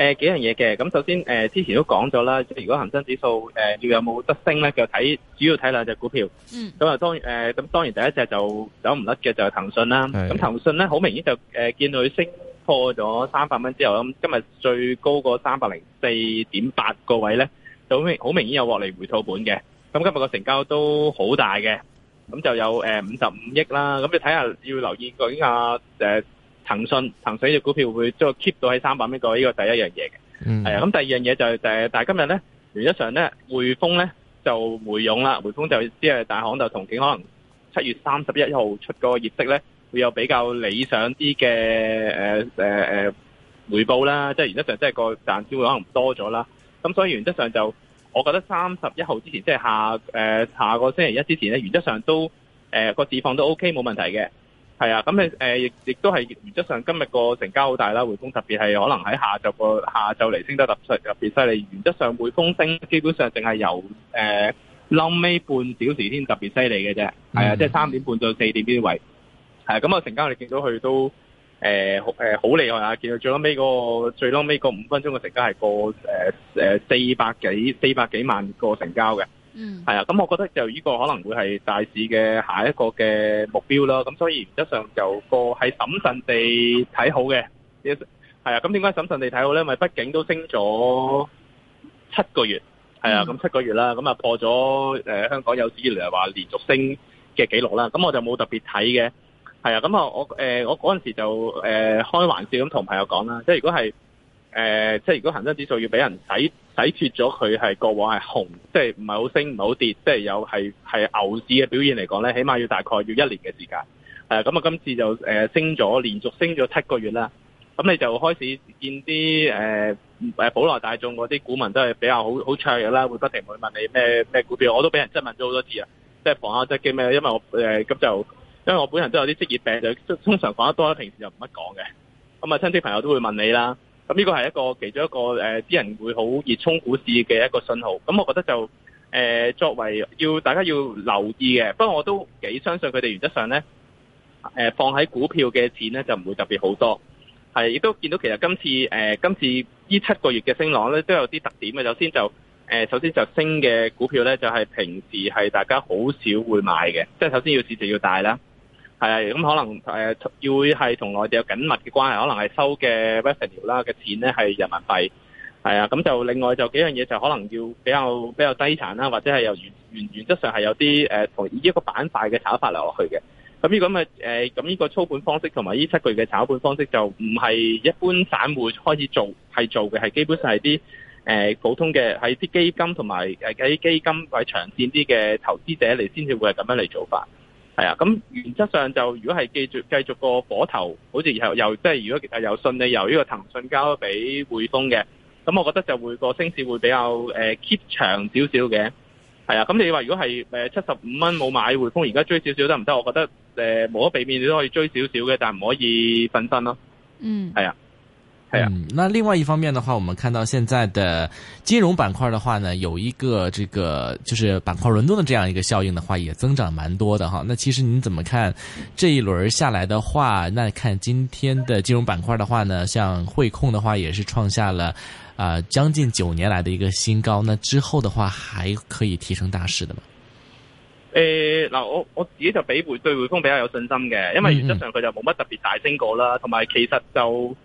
誒幾樣嘢嘅，咁首先誒之前都講咗啦，即係如果恆生指數誒要有冇得升咧，就睇主要睇兩隻股票。嗯。咁啊，當誒咁當然第一隻就走唔甩嘅就係騰訊啦。係。咁騰訊咧，好明顯就誒見佢升破咗三百蚊之後，咁今日最高個三百零四點八個位咧，就好明好明顯有獲利回吐本嘅。咁今日個成交都好大嘅，咁就有誒五十五億啦。咁你睇下要留意究竟阿誒。騰訊騰訊隻股票會即係 keep 到喺三百蚊度，呢個第一樣嘢嘅。係、嗯、啊，咁第二樣嘢就係、是、誒，但係今日咧，原則上咧，匯豐咧就回勇啦。匯豐就即係、就是、大行就同景，可能七月三十一號出個業績咧，會有比較理想啲嘅誒誒誒回報啦。即係原則上，即係個賺錢會可能多咗啦。咁所以原則上就，我覺得三十一號之前，即、就、係、是、下誒、呃、下個星期一之前咧，原則上都誒、呃、個市況都 OK 冇問題嘅。係啊，咁你誒亦亦都係原則上今日個成交好大啦，匯豐特別係可能喺下晝個下晝嚟升得特別特別犀利，原則上匯豐升基本上淨係由誒嬲尾半小時先特別犀利嘅啫，係啊，嗯、即係三點半到四點呢啲位，係啊，咁、那、啊、個、成交你見到佢都誒好、呃、厲害啊，見到最嬲尾、那個最嬲尾個五分鐘嘅成交係個誒誒四百幾四百幾萬個成交嘅。嗯，係啊，咁我覺得就呢個可能會係大市嘅下一個嘅目標啦，咁所以原則上就個係審慎地睇好嘅，係啊，咁點解審慎地睇好咧？因為畢竟都升咗七個月，係啊，咁七個月啦，咁啊破咗誒、呃、香港有史以嚟話連續升嘅紀錄啦，咁我就冇特別睇嘅，係啊，咁啊我誒、呃、我嗰陣時就誒、呃、開玩笑咁同朋友講啦，即係如果係。誒、呃，即係如果恒生指數要俾人洗洗脫咗佢，係過往係紅，即係唔係好升唔係好跌，即係有係係牛市嘅表現嚟講咧，起碼要大概要一年嘅時間。誒、呃，咁啊今次就誒、呃、升咗，連續升咗七個月啦。咁你就開始見啲誒誒普羅大眾嗰啲股民都係比較好好雀躍嘅啦，會不停會問你咩咩股票，我都俾人質問咗好多次啊。即係防下即係驚咩？因為我誒咁、呃、就，因為我本人都有啲職業病，就通通常講得多，平時又唔乜講嘅。咁啊，親戚朋友都會問你啦。咁呢個係一個其中一個誒，啲人會好熱衷股市嘅一個信號。咁我覺得就誒、呃，作為要大家要留意嘅。不過我都幾相信佢哋原則上咧、呃，放喺股票嘅錢咧就唔會特別好多。係，亦都見到其實今次誒、呃，今次呢七個月嘅升浪咧都有啲特點嘅。首先就誒、呃，首先就升嘅股票咧就係、是、平時係大家好少會買嘅，即係首先要市值要大啦。係啊，咁、嗯、可能誒要係同內地有緊密嘅關係，可能係收嘅 revenue 啦嘅錢咧係人民幣，係啊，咁就另外就幾樣嘢就可能要比較比較低殘啦，或者係由原原原則上係有啲誒、呃、同一個板塊嘅炒法嚟落去嘅。咁依咁嘅咁呢個操盤方式同埋呢七個月嘅炒盤方式就唔係一般散戶開始做係做嘅，係基本上係啲誒普通嘅係啲基金同埋誒基金或者長線啲嘅投資者嚟先至會係咁樣嚟做法。係啊，咁原則上就如果係繼續繼續個火頭，好似而由又即係如果誒信你由呢個騰訊交俾匯豐嘅，咁我覺得就會、個升市會比較誒、呃、keep 長少少嘅。係啊，咁你話如果係誒七十五蚊冇買匯豐，而家追少少得唔得？我覺得誒、呃、無可避免你都可以追少少嘅，但係唔可以瞓身咯。嗯，係啊。嗯，那另外一方面的話，我們看到現在的金融板塊的話呢，有一個這個就是板塊輪動的這樣一個效應的話，也增長蠻多的哈。那其實您怎麼看這一輪下來的話，那看今天的金融板塊的話呢，像匯控的話也是創下了啊、呃、將近九年來的一個新高。那之後的話還可以提升大市的嗎？呃嗱、呃，我我自己就比對匯豐比較有信心嘅，因為原則上佢就冇乜特別大升過啦，同埋其實就。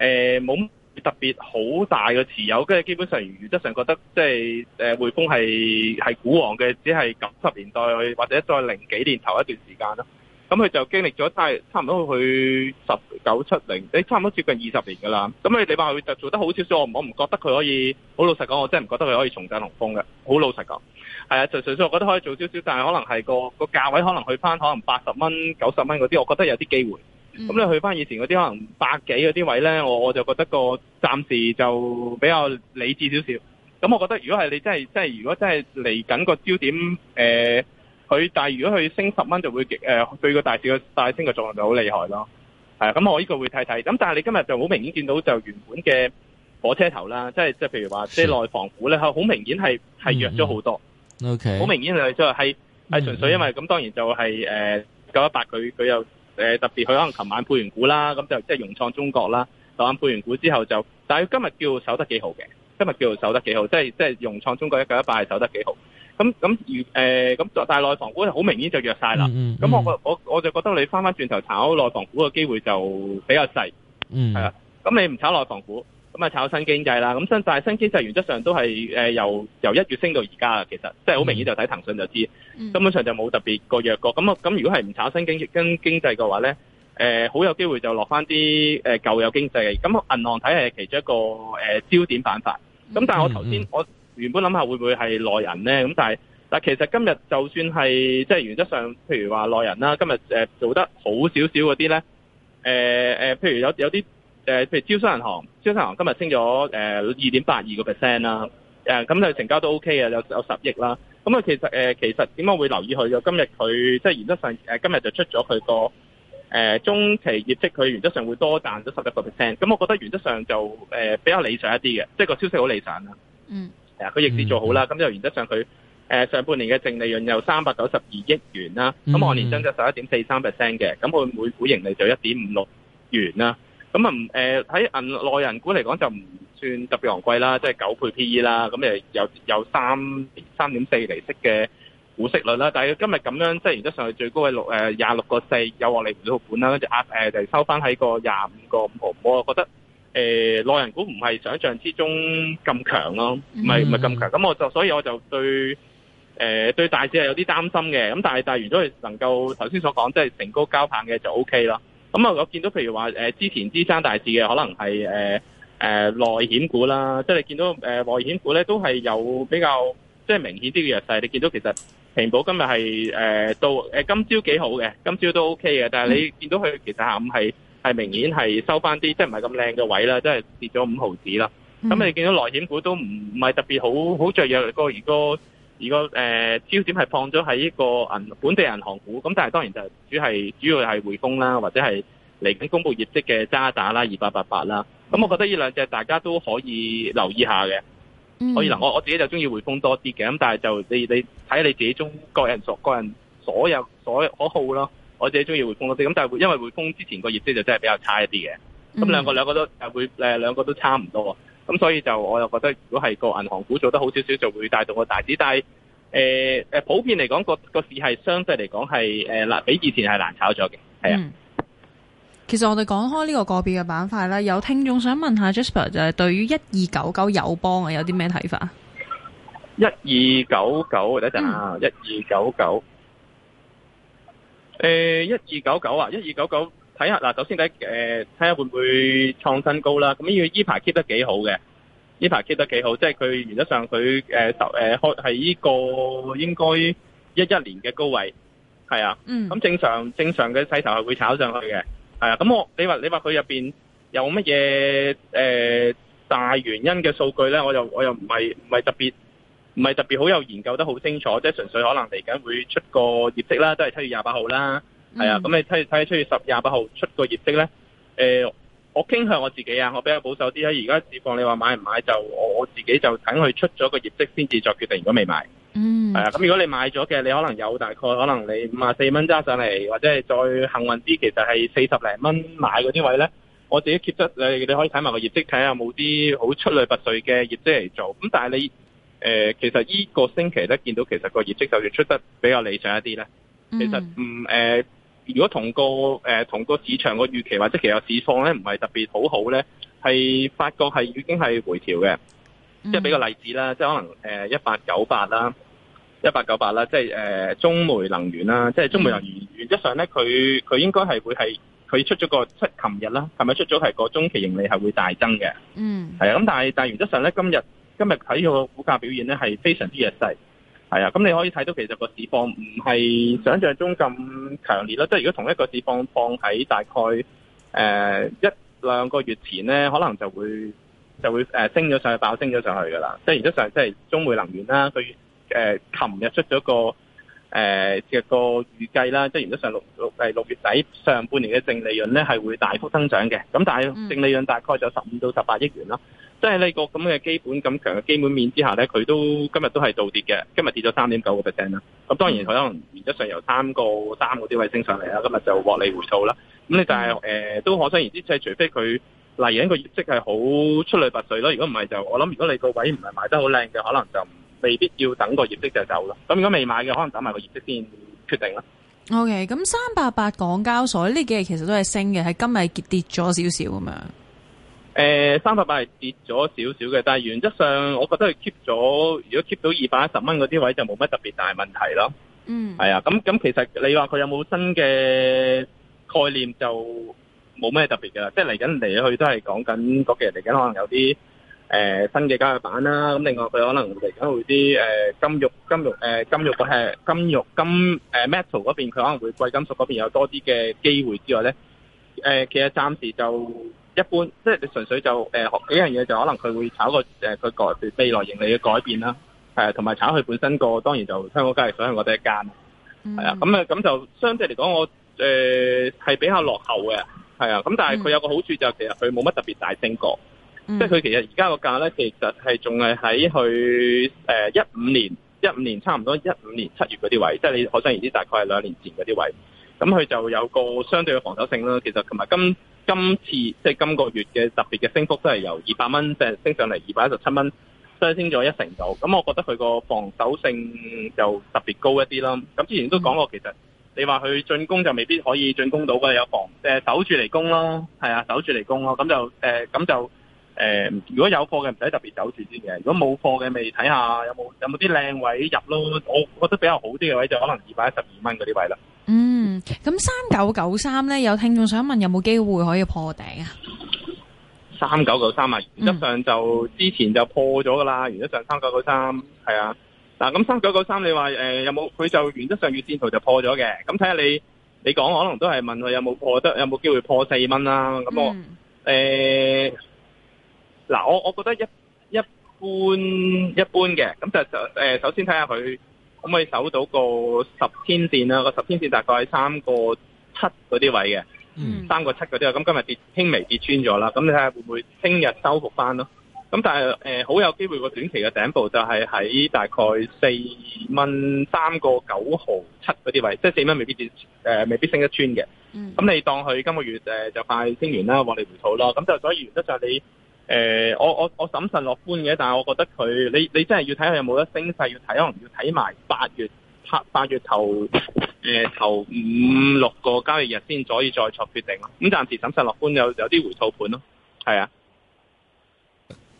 誒冇特別好大嘅持有，跟住基本上原則上覺得即係誒匯豐係係股王嘅，只係九十年代或者再零幾年頭一段時間咯。咁佢就經歷咗差差唔多去十九七零，誒差唔多接近二十年㗎啦。咁你你話佢就做得好少少，我我唔覺得佢可以好老實講，我真係唔覺得佢可以重振雄風嘅。好老實講，係啊，純純粹我覺得可以做少少，但係可能係個個價位可能去返可能八十蚊、九十蚊嗰啲，我覺得有啲機會。咁你去翻以前嗰啲可能百幾嗰啲位咧，我我就覺得個暫時就比較理智少少。咁、嗯、我覺得如果係你真係真係，如果真係嚟緊個焦點，誒、呃、佢但係如果佢升十蚊就會、呃、對個大市嘅大升嘅作用就好厲害咯。啊，咁、嗯、我呢個會睇睇。咁、嗯、但係你今日就好明顯見到就原本嘅火車頭啦，即係即係譬如話是即係內房股咧，好明顯係弱咗好多。O K，好明顯係即係純粹因為咁，嗯、當然就係誒九一八，佢、呃、佢又。誒、呃、特別佢可能琴晚配完股啦，咁就即係融創中國啦，當揀配完股之後就，但係今日叫守得幾好嘅，今日叫守得幾好，即係即係融創中國一九一八係守得幾好，咁咁如誒咁，但係內房股好明顯就弱晒啦，咁、嗯嗯嗯、我我我就覺得你翻翻轉頭炒內房股嘅機會就比較細，嗯嗯、係啊，咁你唔炒內房股。咁啊，炒新經濟啦，咁新但係新經濟原則上都係誒由由一月升到而家啊，其實即係好明顯就睇騰訊就知，根、嗯、本上就冇特別過弱過。咁啊咁，如果係唔炒新經，新經濟跟經嘅話咧，誒、呃、好有機會就落翻啲誒舊有經濟。咁銀行睇係其中一個誒、呃、焦點板塊。咁但係我頭先、嗯嗯、我原本諗下會唔會係內人咧？咁但係嗱，但其實今日就算係即係原則上，譬如話內人啦，今日誒做得好少少嗰啲咧，誒、呃、誒，譬如有有啲。誒，譬如招商銀行，招商銀行今日升咗誒二點八二個 percent 啦。誒，咁佢成交都 O K 嘅，有有十億啦。咁、呃、啊，其實誒，其實點解會留意佢？因為今日佢即係原則上誒，今日就出咗佢個誒中期業績，佢原則上會多賺咗十一個 percent。咁我覺得原則上就誒、呃、比較理想一啲嘅，即係個消息好理想啦。嗯，係佢逆市做好啦。咁、嗯、就原則上佢誒、呃、上半年嘅淨利潤有三百九十二億元啦，咁、那、按、個、年增咗十一點四三 percent 嘅，咁佢每股盈利就一點五六元啦。咁啊，誒喺銀內銀股嚟講就唔算特別昂貴啦，即係九倍 P/E 啦，咁誒有有三三點四釐息嘅股息率啦。但係今日咁樣即係原則上嘅最高係六誒廿六個四，有獲利回吐盤啦，跟住壓誒就收翻喺個廿五個五毫五。我覺得誒內銀股唔係想象之中咁強咯，唔係唔係咁強。咁我就所以我就對誒對大市係有啲擔心嘅。咁但係但係，如果能夠頭先所講即係成高交棒嘅就 O K 啦。咁啊、嗯，我見到譬如話，誒之前支撐大市嘅可能係誒誒內險股啦，即係你見到誒、呃、內險股咧都係有比較即係明顯啲嘅弱勢。你見到其實平保今日係誒到誒今朝幾好嘅，今朝都 OK 嘅，但係你見到佢其實下午係係明顯係收翻啲，即係唔係咁靚嘅位啦，即係跌咗五毫子啦。咁、嗯、你見到內險股都唔唔係特別好好雀躍嘅，如果。如果誒焦點係放咗喺一個銀本地銀行股，咁但係當然就係主係主要係匯豐啦，或者係嚟緊公布業績嘅渣打啦、二八八八啦。咁我覺得呢兩隻大家都可以留意下嘅。可以啦，我我自己就中意匯豐多啲嘅，咁但係就你你睇你自己中個人所個人所有所可好咯。我自己中意匯豐多啲，咁但係因為匯豐之前個業績就真係比較差一啲嘅。咁兩個兩個都誒會誒兩個都差唔多咁、嗯、所以就我又覺得，如果係個銀行股做得好少少，就會帶動個大市。但係誒誒，普遍嚟講個個市係相對嚟講係誒嗱比以前係難炒咗嘅。係啊、嗯。其實我哋講開呢個個別嘅板塊啦，有聽眾想問一下 Jasper，就係對於一二九九友邦啊，有啲咩睇法？一二九九等一陣啊！一二九九誒一二九九啊！一二九九。睇下嗱，首先睇誒，睇下會唔會創新高啦？咁呢個依排 keep 得幾好嘅，依排 keep 得幾好，即係佢原則上佢誒十誒開係依個應該一一年嘅高位，係啊。咁、mm. 正常正常嘅勢頭係會炒上去嘅，係啊。咁我你話你話佢入邊有乜嘢誒大原因嘅數據咧？我就我又唔係唔係特別唔係特別好有研究得好清楚，即係純粹可能嚟緊會出個業績啦，都係七月廿八號啦。係啊，咁你睇睇七月十廿八號出個業績咧？誒、呃，我傾向我自己啊，我比較保守啲啊。而家市況你話買唔買，就我自己就等佢出咗個業績先至再決定。如果未買，嗯，係啊。咁如果你買咗嘅，你可能有大概可能你五啊四蚊揸上嚟，或者係再幸運啲，其實係四十零蚊買嗰啲位咧，我自己 keep 得你，你可以睇埋個業績，睇下有冇啲好出類拔萃嘅業績嚟做。咁但係你誒、呃，其實依個星期咧，見到其實個業績就要出得比較理想一啲咧。嗯、其實唔誒。嗯呃如果同個誒同個市場個預期或者其實市況咧唔係特別很好好咧，係發覺係已經係回調嘅，嗯、即係俾個例子啦，即係可能誒一八九八啦，一八九八啦，即係誒中煤能源啦，即係中煤能源、嗯、原則上咧，佢佢應該係會係佢出咗個出琴日啦，係咪出咗係個中期盈利係會大增嘅？嗯，係啊，咁但係但係原則上咧，今日今日睇個股價表現咧係非常之弱勢。係啊，咁你可以睇到其實個市況唔係想像中咁強烈啦。即係如果同一個市況放喺大概誒一兩個月前咧，可能就會就會升咗上去，爆升咗上去噶啦。即係原則上即係中煤能源啦，佢誒琴日出咗個誒嘅個預計啦。即係原則上六六六月底上半年嘅淨利潤咧，係會大幅增長嘅。咁但係淨利潤大概就十五到十八億元啦即係呢個咁嘅基本咁強嘅基本面之下咧，佢都今日都係倒跌嘅，今日跌咗三點九個 percent 啦。咁當然佢可能原則上由三個三個啲位升上嚟啦，今日就獲利回吐啦。咁你就係、是、誒、呃，都可想而知，即係除非佢嚟緊個業績係好出類拔萃咯。如果唔係，就我諗如果你個位唔係買得好靚嘅，可能就未必要等個業績就走啦。咁如果未買嘅，可能等埋個業績先決定啦。O K. 咁三八八港交所呢幾日其實都係升嘅，係今日跌跌咗少少咁樣。誒、呃，三百八係跌咗少少嘅，但係原則上我覺得佢 keep 咗，如果 keep 到二百一十蚊嗰啲位就冇乜特別大問題咯。嗯，係啊，咁咁其實你話佢有冇新嘅概念就冇咩特別噶，即係嚟緊嚟去都係講緊嗰幾日嚟緊可能有啲誒、呃、新嘅交易板啦。咁另外佢可能嚟緊會啲誒金玉金玉誒、呃、金玉係金玉金誒、呃、metal 嗰邊佢可能會貴金屬嗰邊有多啲嘅機會之外咧，誒、呃、其實暫時就。一般即係你純粹就誒學、呃、幾樣嘢，就可能佢會炒個誒佢、呃、改未來盈利嘅改變啦。誒同埋炒佢本身個當然就香港交易所香港得一間，係啊咁啊咁就相對嚟講，我誒係、呃、比較落後嘅，係啊咁，但係佢有個好處就係 mm hmm. 其實佢冇乜特別大升過，mm hmm. 即係佢其實而家個價咧，其實係仲係喺去誒一五年、一五年差唔多一五年七月嗰啲位，即係你可想而知，大概係兩年前嗰啲位。咁佢就有個相對嘅防守性啦，其實同埋今今次即係今個月嘅特別嘅升幅，都係由二百蚊即係升上嚟二百一十七蚊，上升咗一成度。咁我覺得佢個防守性就特別高一啲啦。咁之前都講過，其實你話佢進攻就未必可以進攻到嘅，有防誒守住嚟攻咯，係啊，守住嚟攻咯。咁就誒，咁就。欸誒、呃，如果有貨嘅唔使特別走住先嘅，如果冇貨嘅咪睇下有冇有冇啲靚位入咯，我我覺得比較好啲嘅位就可能二百一十二蚊嗰啲位啦。嗯，咁、啊、三九九三咧，有聽眾想問有冇機會可以破頂啊？三九九三啊，原則上就之前就破咗噶啦，原則上三九九三係啊，嗱、啊、咁三九九三你說，你話誒有冇？佢就原則上月綫圖就破咗嘅，咁睇下你你講可能都係問佢有冇破得，有冇機會破四蚊啦？咁我誒。嗯呃嗱，我我覺得一般一般一般嘅，咁就就誒首先睇下佢可唔可以守到個十天線啦，個十天線大概係三個七嗰啲位嘅，三個七嗰啲啊，咁今日跌輕微跌穿咗啦，咁你睇下會唔會聽日收復翻咯？咁但係誒好有機會個短期嘅頂部就係喺大概四蚊三個九毫七嗰啲位，即係四蚊未必跌，誒未必升一穿嘅。咁、mm. 你當佢今個月誒就快清完啦，往嚟回吐咯，咁就所以原則就係你。誒、欸，我我我審慎樂觀嘅，但係我覺得佢，你你真係要睇下有冇得升勢，要睇，可能要睇埋八月八八月頭，誒、欸、頭五六個交易日先可以再作決定咯。咁暫時審慎樂觀有，有有啲回吐盤咯，係啊。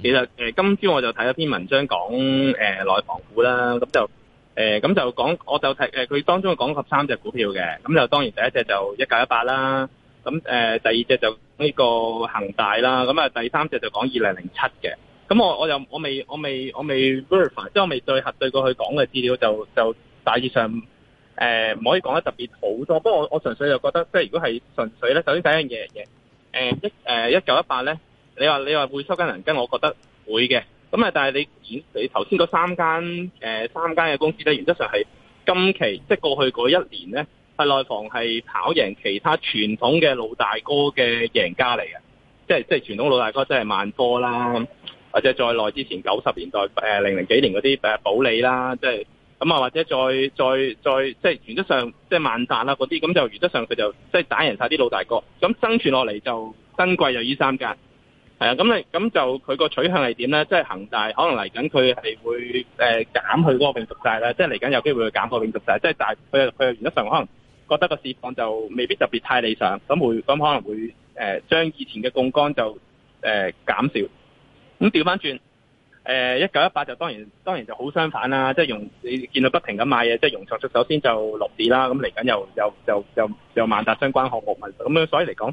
其實誒、呃，今朝我就睇咗篇文章講誒內房股啦，咁就誒咁、呃、就講，我就睇誒佢當中講及三隻股票嘅，咁就當然第一隻就一九一八啦，咁誒、呃、第二隻就呢個恒大啦，咁啊第三隻就講二零零七嘅，咁我我又我未我未我未 verify，即係我未再核對，對過去講嘅資料就，就就大致上誒唔、呃、可以講得特別好多，不過我，我純純粹就覺得，即係如果係純粹咧，首先第一樣嘢嘅，誒一誒一九一八咧。呃你話你話會收緊人跟，我覺得會嘅。咁啊，但係你你頭先嗰三間誒三間嘅公司咧，原則上係今期即係過去嗰一年咧，係內房係跑贏其他傳統嘅老大哥嘅贏家嚟嘅。即係即係傳統老大哥，即係萬科啦，或者再耐之前九十年代誒零零幾年嗰啲誒保利啦，即係咁啊，或者再再再，再即係原則上即係萬達啦嗰啲，咁就原則上佢就即係打贏晒啲老大哥，咁生存落嚟就新貴就依三間。係啊，咁你咁就佢個取向係點咧？即係恒大可能嚟緊，佢係會減去嗰個永續債咧。即係嚟緊有機會去減個永續債。即係但係佢佢原則上可能覺得個市況就未必特別太理想，咁會咁可能會將以前嘅槓桿就減少。咁調翻轉誒一九一八就當然當然就好相反啦。即係融你見到不停咁買嘢，即係融創出首先就落地啦。咁嚟緊又又又又又萬達相關項目咁啊。所以嚟講，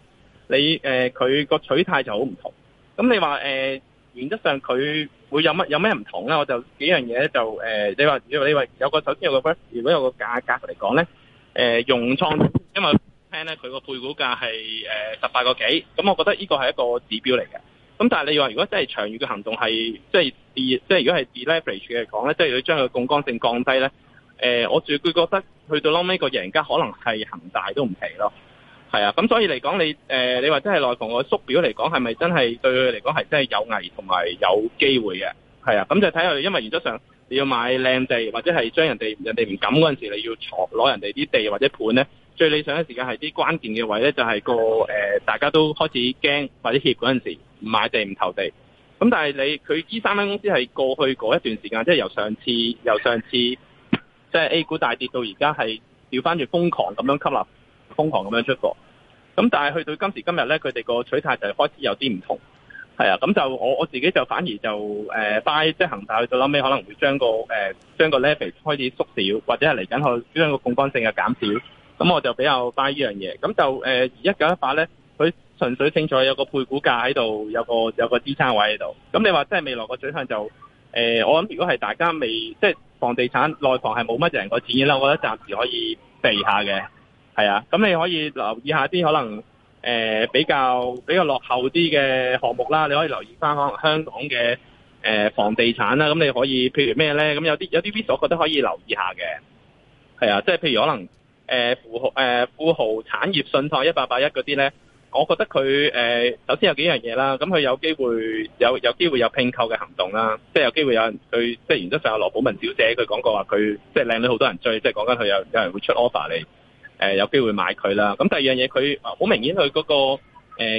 你佢個、呃、取態就好唔同。咁你話誒、呃，原則上佢會有乜有乜唔同咧？我就幾樣嘢就誒、呃，你話如果你話有個首先有個，first，如果有個價格嚟講呢，誒、呃、融創因為聽呢，佢個配股價係誒十八個幾，咁、呃、我覺得呢個係一個指標嚟嘅。咁但係你話如果真係長遠嘅行動係即係即係如果係 deleverage 嘅嚟講呢，即係要將佢槓桿性降低呢，誒、呃、我最佢覺得去到撈尾個贏家可能係恒大都唔奇囉。係啊，咁所以嚟講、呃，你誒，你話真係內房個縮表嚟講，係咪真係對佢嚟講係真係有危同埋有機會嘅？係啊，咁就睇下，因為原則上你要買靚地，地或者係將人哋人哋唔敢嗰陣時，你要攞人哋啲地或者盤咧，最理想嘅時間係啲關鍵嘅位咧，就係、是、個誒、呃，大家都開始驚或者怯嗰陣時，唔買地唔投地。咁但係你佢呢三間公司係過去嗰一段時間，即、就、係、是、由上次由上次即係、就是、A 股大跌到而家係調翻住瘋狂咁樣吸納，瘋狂咁樣出貨，咁但係去到今時今日咧，佢哋個取態就開始有啲唔同，係啊，咁就我我自己就反而就誒 buy 即係恒大去到後尾可能會將個誒將、呃、個 level 開始縮小，或者係嚟緊去將個槓桿性嘅減少，咁我就比較 buy 呢樣嘢。咁就誒一九一八咧，佢、呃、純粹清楚有個配股價喺度，有個有個支撐位喺度。咁你話即係未來個取向就誒、呃，我諗如果係大家未即係、就是、房地產內房係冇乜人個錢啦，我覺得暫時可以避下嘅。係啊，咁你可以留意一下啲可能誒、呃、比較比較落後啲嘅項目啦。你可以留意返可能香港嘅誒、呃、房地產啦。咁你可以譬如咩咧？咁有啲有啲 view 啲我覺得可以留意下嘅。係啊，即係譬如可能誒、呃、富豪誒、呃、富豪產業信託一八八一嗰啲咧，我覺得佢誒、呃、首先有幾樣嘢啦。咁佢有機會有有機會有併購嘅行動啦，即、就、係、是、有機會有人去即係原則上有羅寶文小姐佢講過話，佢即係靚女好多人追，即係講緊佢有有人會出 offer 你。誒、嗯、有機會買佢啦，咁、嗯、第二樣嘢佢好明顯、那個，佢嗰個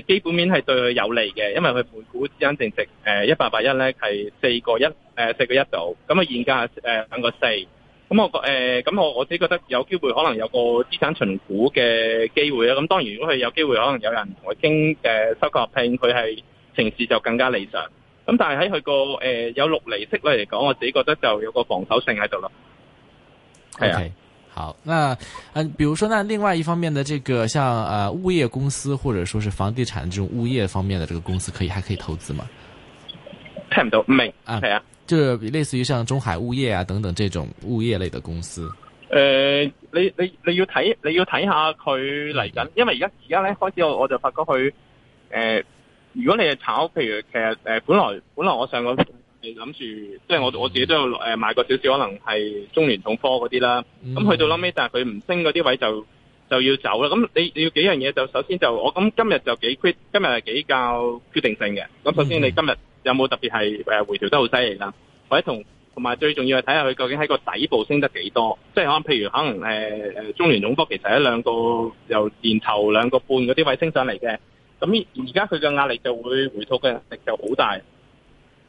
基本面係對佢有利嘅，因為佢每股資產淨值誒一八八一咧係四個一誒四個一度，咁、嗯、啊現價誒兩個四，咁、嗯、我誒咁、呃嗯、我我自己覺得有機會可能有個資產重估嘅機會啦，咁、嗯、當然如果佢有機會可能有人同佢傾誒收購合併佢係情事就更加理想，咁、嗯、但係喺佢個誒有六厘息咧嚟講，我自己覺得就有個防守性喺度咯，係啊。Okay. 好，那，嗯，比如說，那另外一方面的這個，像，呃，物業公司或者說是房地產這種物業方面的這個公司，可以還可以投資嗎？聽唔到唔明啊，係啊，就類似於像中海物業啊等等這種物業類的公司。誒，你你你要睇你要睇下佢嚟緊，因為而家而家咧開始我我就發覺佢誒，如果你係炒，譬如其實誒本來本來我上個。諗住，即係我我自己都有買過少少，可能係中聯重科嗰啲啦。咁去，mm hmm. 到後屘，但係佢唔升嗰啲位就就要走啦。咁你要幾樣嘢？就首先就我咁今日就幾 quick 今日係幾較決定性嘅。咁首先你今日有冇特別係回調得好犀利啦？或者同同埋最重要係睇下佢究竟喺個底部升得幾多？即係可能譬如可能係中聯重科其實一兩個由年頭兩個半嗰啲位升上嚟嘅，咁而家佢嘅壓力就會回吐嘅力就好大。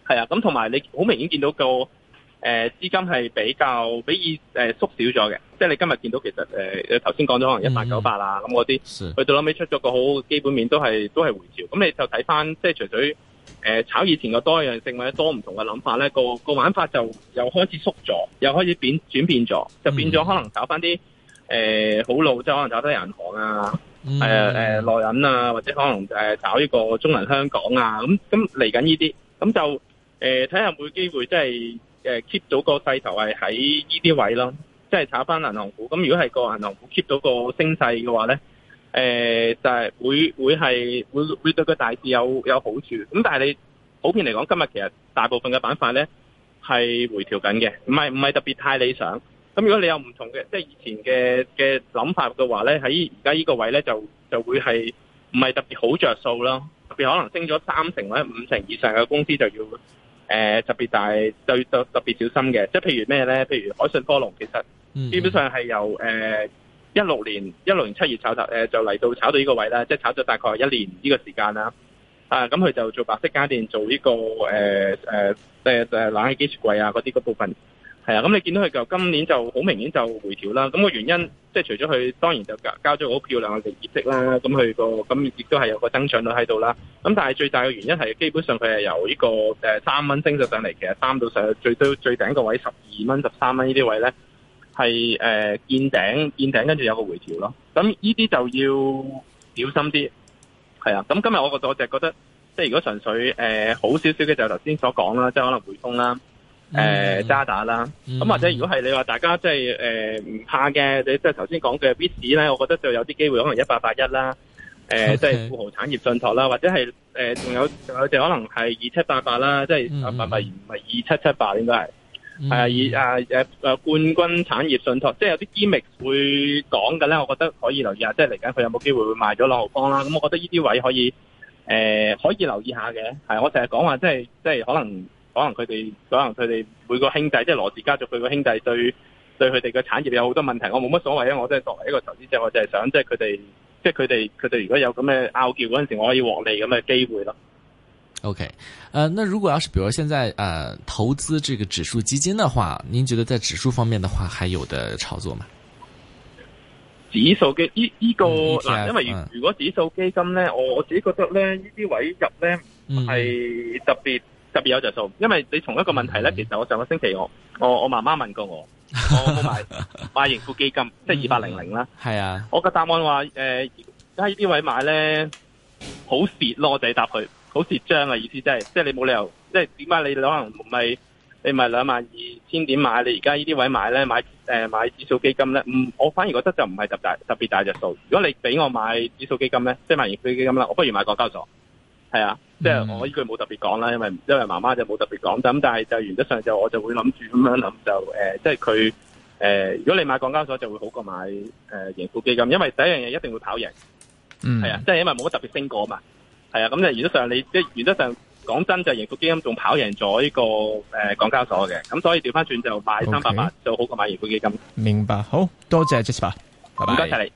係啊，咁同埋你好明顯見到、個誒、呃、資金係比較比以誒、呃、縮少咗嘅，即係你今日見到其實，誒頭先講咗可能一百九百啦咁嗰啲，佢到後尾出咗個好基本面都係都係回潮。咁你就睇翻即係除咗誒炒以前嘅多樣性或者多唔同嘅諗法咧，個個玩法就又開始縮咗，又開始變轉變咗，嗯、就變咗可能炒翻啲誒好老，即係可能炒啲銀行啊，誒內、嗯啊呃、銀啊，或者可能誒炒依個中銀香港啊，咁咁嚟緊呢啲咁就。誒，睇下、呃、會唔會機會、就、會、是呃，即係誒 keep 到個勢頭係喺呢啲位咯，即係炒翻銀行股。咁如果係個銀行股 keep 到個升勢嘅話咧，誒、呃、就係、是、會會係會會對個大市有有好處。咁但係你普遍嚟講，今日其實大部分嘅板塊咧係回調緊嘅，唔係唔係特別太理想。咁如果你有唔同嘅即係以前嘅嘅諗法嘅話咧，喺而家呢個位咧就就會係唔係特別好着數咯。特別可能升咗三成或者五成以上嘅公司就要，誒、呃，特別大，就特別小心嘅。即係譬如咩咧？譬如海信科龍，其實基本上係由誒一六年一六年七月炒頭誒、呃，就嚟到炒到呢個位啦。即係炒咗大概一年呢個時間啦。啊，咁佢就做白色家電，做呢、這個誒誒誒誒冷氣機雪櫃啊，嗰啲部分。係啊，咁你見到佢就今年就好明顯就回調啦。咁、個原因，即、就、係、是、除咗佢當然就交交咗好漂亮嘅業績啦，咁佢、個咁亦都係有個增長率喺度啦。咁但係最大嘅原因係基本上佢係由呢個誒三蚊升咗上嚟，其實三到上去最最頂個位十二蚊、十三蚊呢啲位咧係誒見頂見頂，見頂跟住有個回調咯。咁呢啲就要小心啲。係啊，咁今日我覺得我就覺得，即係如果純粹、呃、好少少嘅就頭先所講啦，即、就、係、是、可能匯豐啦。誒、嗯嗯嗯嗯、渣打啦、嗯，咁、嗯嗯、或者如果係你話大家即係誒唔怕嘅，你即係頭先講嘅 B 市咧，我覺得就有啲機會可能一八八一啦，即、呃、係 Okay. 富豪產業信託啦，或者係誒仲有仲有隻可能係二七八八啦，即係唔係唔係二七七八應該係係二啊誒冠軍產業信託，即係、嗯、有啲啓明會講嘅咧，我覺得可以留意下，即係嚟緊佢有冇機會會賣咗朗豪坊啦。咁我覺得呢啲位可以誒、呃、可以留意下嘅，係我成日講話即係即係可能。可能佢哋，可能佢哋每個兄弟，即係羅氏家族佢個兄弟對，對對佢哋個產業有好多問題，我冇乜所謂啊！我即係作為一個投資者，我就係想，即係佢哋，即係佢哋，佢哋如果有咁嘅拗撬嗰陣時候，我可以獲利咁嘅機會咯。OK，誒、呃，那如果要是比如現在誒、呃、投資這個指數基金的話，您覺得在指數方面的話，還有得炒作嗎？指數基呢個嗱，嗯、ETF, 因為如果指數基金呢，我我自己覺得呢，呢啲位置入呢，係特別。特別有著數，因為你從一個問題咧，其實我上個星期我我我媽媽問過我，我買 買盈富基金，即係二八零零啦。係啊，我個答案話誒，而、呃、家呢啲位買咧好蝕咯，我就答佢好蝕張嘅意思、就是，即係即係你冇理由，即係點解你可能唔係你咪兩萬二千點買，你而家呢啲位買咧、呃、買誒買指數基金咧，唔我反而覺得就唔係特別特別大著數。如果你俾我買指數基金咧，即係買盈富基金啦，我不如買港交所。係啊，即係我呢句冇特別講啦，因為因為媽媽就冇特別講咁，但係就原則上就我就會諗住咁樣諗就誒、呃，即係佢誒，如果你買港交所就會好過買誒盈、呃、富基金，因為第一樣嘢一定會跑贏，係、嗯、啊，即係因為冇乜特別升過嘛，係啊，咁就原則上你即係原則上講真就係盈富基金仲跑贏咗呢個誒、呃、港交所嘅，咁所以調翻轉就買三百萬就好過買盈富基金。Okay，明白，好多謝 Jasper< 拜>，唔該晒你。